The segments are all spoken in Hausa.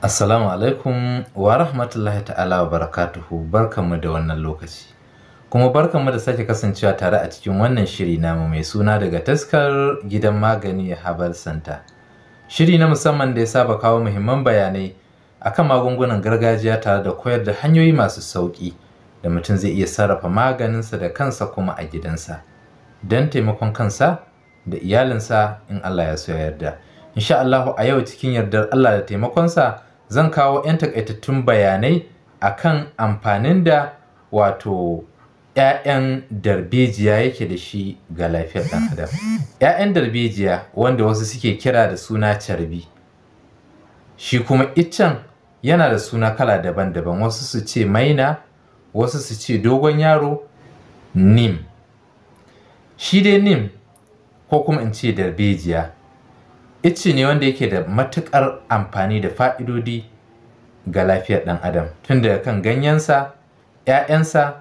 Assalamu alaikum wa rahmatullahi ta'ala wa barakatuhu barkanmu da wannan lokaci. Kuma barkanmu da sake kasancewa tare a cikin wannan shiri namu mai suna daga taskar gidan magani Habal Santa. Shiri na musamman da ya saba kawo muhimman bayanai akan magungunan gargajiya tare da koyar da hanyoyi masu sauƙi da mutum zai iya sarrafa maganinsa da kansa kuma a gidansa. don taimakon kansa da iyalinsa in Allah ya so ya yarda. Insha Allah a yau cikin yardar Allah da taimakonsa zan kawo 'yan takaitattun bayanai a kan amfanin da wato 'ya'yan darbejiya yake da shi ga lafiyar ɗan adam. 'Ya'yan darbejiya wanda wasu suke kira da suna carbi. Shi kuma iccen yana da suna kala daban-daban wasu su ce maina, wasu su ce dogon yaro, nim. Shi dai nim ko kuma in ce darbejiya ice ne wanda yake da matukar amfani da fa'idodi ga lafiyar ɗan adam tun daga kan ganyensa, ‘ya'yansa,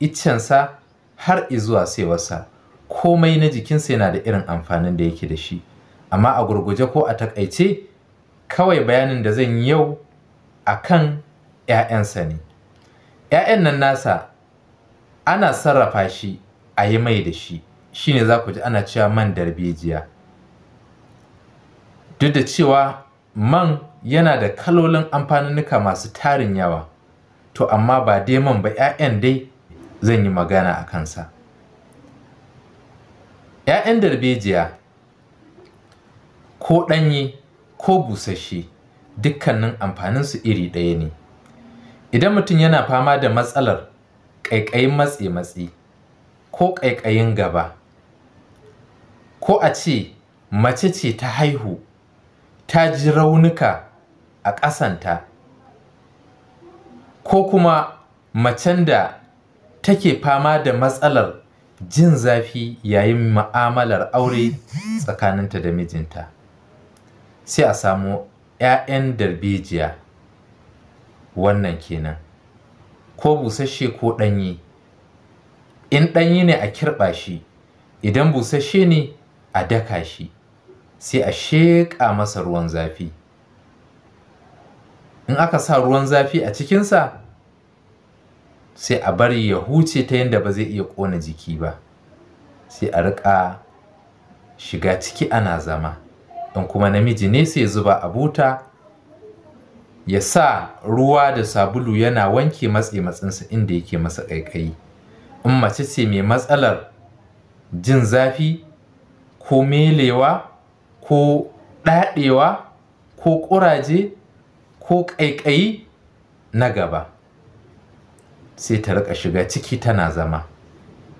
icensa har izuwa saiwarsa komai na jikinsa yana da irin amfanin da yake da shi. Amma a gurguje ko a takaice kawai bayanin da zan yi yau a kan ‘ya'yansa ne. ‘Ya'yan nan nasa ana sarrafa shi a yi mai da shi. shine za ku ji ana cewa man darbejiya duk da cewa man yana da kalolin amfanunuka masu tarin yawa to amma ba dai man ba 'ya'yan dai zan yi magana a kansa 'ya'yan darbejiya ko ɗanye ko busasshe dukkanin amfaninsu iri ɗaya ne idan mutum yana fama da matsalar ƙaiƙayin matse-matse ko ƙaiƙayin gaba ko a ce mace ce ta haihu ta ji raunuka a ƙasanta ko kuma macen da take fama da matsalar jin zafi yayin ma'amalar aure tsakaninta da mijinta sai a samu 'ya'yan darbejiya wannan kenan ko busasshe ko ɗanye in ɗanye ne a kirɓa shi idan busasshe ne a daka shi sai a sheƙa masa ruwan zafi in aka sa ruwan zafi a cikinsa sai a bari ya huce ta yadda ba zai iya ƙona jiki ba sai a riƙa shiga ciki ana zama in kuma namiji ne sai zuba a buta ya sa ruwa da sabulu yana wanke matse matsinsa inda yake masa ƙaiƙayi in mace ce mai matsalar jin zafi ko melewa ko ɗaɗewa ko ƙuraje ko ƙaiƙayi na gaba sai ta riƙa shiga ciki tana zama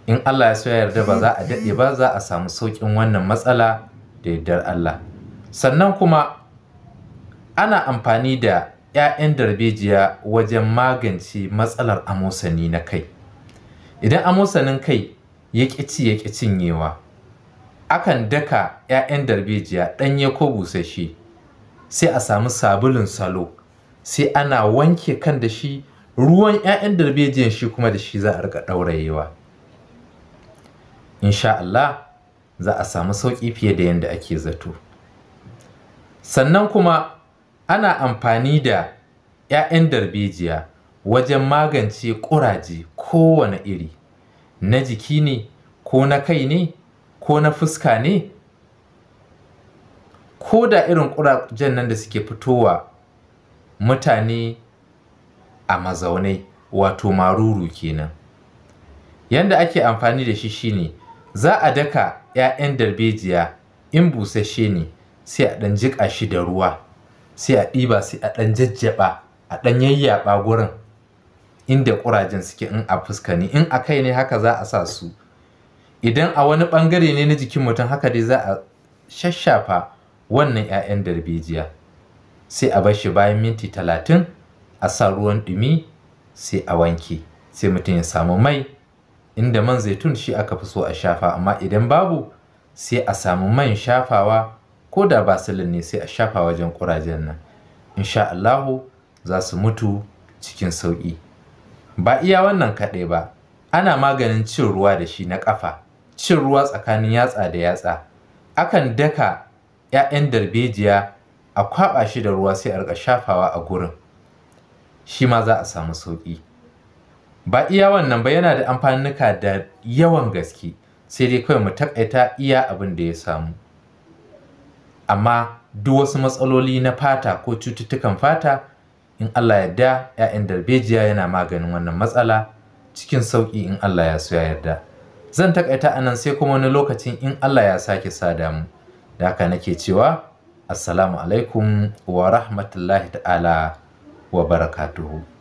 in Allah ya so ya yarda ba za a daɗe ba za a samu sauƙin wannan matsala da yardar Allah sannan kuma ana amfani da 'ya'yan darbejiya wajen magance matsalar amosani na kai idan amosanin kai ya ƙi ci ya ƙi cinyewa akan daka 'ya'yan darbejiya ɗanye ko busasshe sai a samu sabulun salo sai ana wanke kan da shi ruwan 'ya'yan darbejiyan shi kuma da shi za a rika ɗaurayewa insha Allah za a samu sauƙi fiye da yadda ake zato sannan kuma ana amfani da 'ya'yan darbejiya wajen magance ƙuraje kowane iri na jiki ne ko na kai ne ko na fuska ne ko da irin ƙurajen nan da suke fitowa mutane a mazaunai wato maruru kenan yanda ake amfani da shi shine za a daka 'ya'yan darbejiya in busasshe ne sai a ɗan jiƙa shi da ruwa sai a ɗiba sai a ɗan jajjaba a ɗan yayyaɓa gurin inda ƙurajen suke in a fuska ne in a kai ne haka za a sa su idan a wani ɓangare ne na jikin mutum haka dai za a shashafa wannan 'ya'yan darbejiya sai a bar shi bayan minti talatin a sa ruwan ɗumi sai a wanke sai mutum ya samu mai inda man zaitun shi aka fi so a shafa amma idan babu sai a samu man shafawa ko da su ne sai a shafa wajen ƙurajen nan insha Allahu za su mutu cikin sauƙi ba iya wannan kaɗai ba ana maganin cin ruwa da shi na ƙafa cin ruwa tsakanin yatsa da yatsa akan daka ‘ya'yan darbejiya a kwaɓa shi da ruwa sai a riƙa shafawa a gurin shi ma za a samu sauƙi ba iya wannan ba yana da amfanuka da yawan gaske sai dai kawai mu taƙaita iya abin da ya samu amma duk wasu matsaloli na fata ko cututtukan fata in Allah yarda ‘ya'yan darbejiya yana maganin wannan matsala cikin sauƙi in Allah ya so ya yarda. zan takaita anan sai kuma wani lokacin in Allah ya sake sa damu, da haka nake cewa assalamu alaikum wa rahmatullahi ta'ala wa barakatuhu